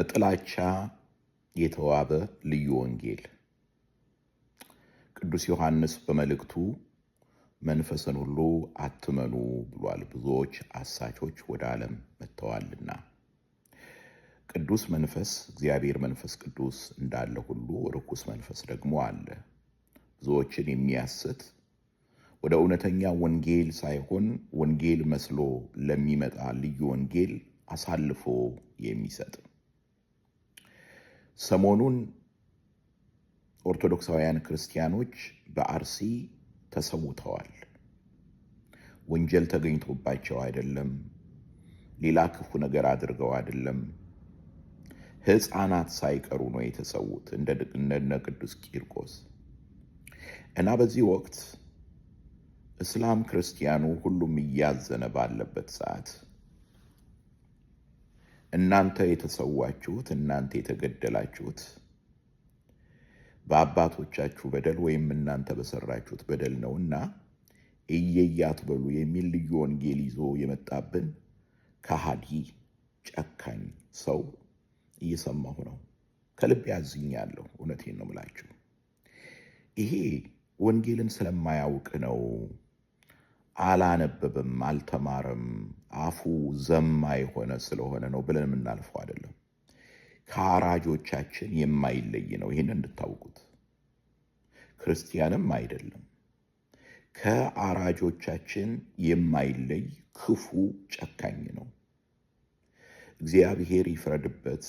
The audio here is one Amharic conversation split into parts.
በጥላቻ የተዋበ ልዩ ወንጌል ቅዱስ ዮሐንስ በመልእክቱ መንፈስን ሁሉ አትመኑ ብሏል። ብዙዎች አሳቾች ወደ ዓለም መጥተዋልና ቅዱስ መንፈስ እግዚአብሔር መንፈስ ቅዱስ እንዳለ ሁሉ ርኩስ መንፈስ ደግሞ አለ። ብዙዎችን የሚያስት ወደ እውነተኛ ወንጌል ሳይሆን ወንጌል መስሎ ለሚመጣ ልዩ ወንጌል አሳልፎ የሚሰጥ ሰሞኑን ኦርቶዶክሳውያን ክርስቲያኖች በአርሲ ተሰውተዋል። ወንጀል ተገኝቶባቸው አይደለም፣ ሌላ ክፉ ነገር አድርገው አይደለም። ሕፃናት ሳይቀሩ ነው የተሰዉት እንደነ ቅዱስ ቂርቆስ እና በዚህ ወቅት እስላም ክርስቲያኑ ሁሉም እያዘነ ባለበት ሰዓት እናንተ የተሰዋችሁት እናንተ የተገደላችሁት በአባቶቻችሁ በደል ወይም እናንተ በሰራችሁት በደል እና እየያት በሉ የሚል ልዩ ወንጌል ይዞ የመጣብን ከሃዲ ጨካኝ ሰው እየሰማሁ ነው። ከልብ ያዝኛለሁ። እውነቴን ነው የምላችሁ። ይሄ ወንጌልን ስለማያውቅ ነው። አላነበበም፣ አልተማረም፣ አፉ ዘማ የሆነ ስለሆነ ነው ብለን የምናልፈው አይደለም። ከአራጆቻችን የማይለይ ነው። ይህን እንድታውቁት። ክርስቲያንም አይደለም። ከአራጆቻችን የማይለይ ክፉ ጨካኝ ነው። እግዚአብሔር ይፍረድበት።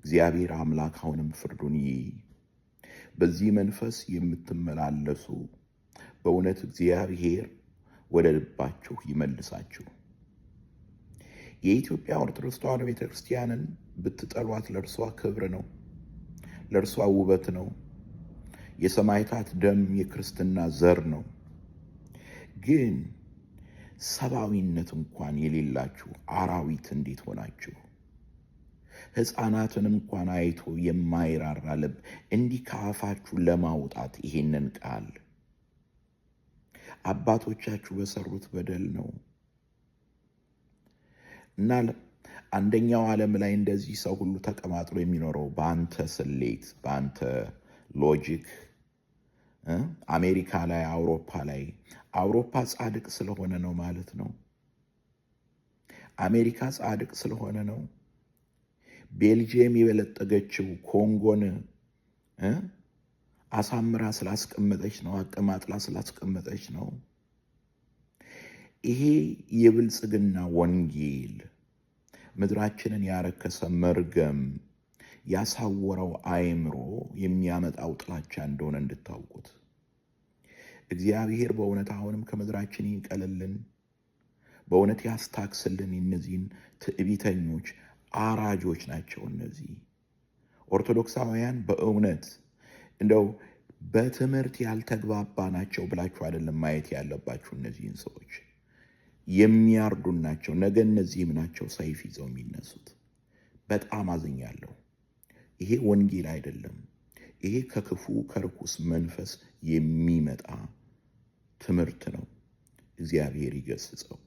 እግዚአብሔር አምላክ አሁንም ፍርዱን ይይ። በዚህ መንፈስ የምትመላለሱ በእውነት እግዚአብሔር ወደ ልባችሁ ይመልሳችሁ። የኢትዮጵያ ኦርቶዶክስ ተዋህዶ ቤተክርስቲያንን ብትጠሏት ለእርሷ ክብር ነው፣ ለእርሷ ውበት ነው። የሰማዕታት ደም የክርስትና ዘር ነው። ግን ሰብአዊነት እንኳን የሌላችሁ አራዊት እንዴት ሆናችሁ? ሕፃናትን እንኳን አይቶ የማይራራ ልብ እንዲህ ከአፋችሁ ለማውጣት ይሄንን ቃል አባቶቻችሁ በሰሩት በደል ነው እና አንደኛው ዓለም ላይ እንደዚህ ሰው ሁሉ ተቀማጥሎ የሚኖረው በአንተ ስሌት፣ በአንተ ሎጂክ አሜሪካ ላይ፣ አውሮፓ ላይ አውሮፓ ጻድቅ ስለሆነ ነው ማለት ነው። አሜሪካ ጻድቅ ስለሆነ ነው። ቤልጅየም የበለጠገችው ኮንጎን አሳምራ ስላስቀመጠች ነው፣ አቀማጥላ ስላስቀመጠች ነው። ይሄ የብልጽግና ወንጌል ምድራችንን ያረከሰ መርገም ያሳወረው አእምሮ የሚያመጣው ጥላቻ እንደሆነ እንድታውቁት እግዚአብሔር በእውነት አሁንም ከምድራችን ይንቀልልን፣ በእውነት ያስታክስልን። እነዚህን ትዕቢተኞች አራጆች ናቸው። እነዚህ ኦርቶዶክሳውያን በእውነት እንደው በትምህርት ያልተግባባ ናቸው ብላችሁ አይደለም ማየት ያለባችሁ። እነዚህን ሰዎች የሚያርዱን ናቸው። ነገ እነዚህም ናቸው ሰይፍ ይዘው የሚነሱት። በጣም አዝኛለሁ። ይሄ ወንጌል አይደለም። ይሄ ከክፉ ከርኩስ መንፈስ የሚመጣ ትምህርት ነው። እግዚአብሔር ይገስጸው።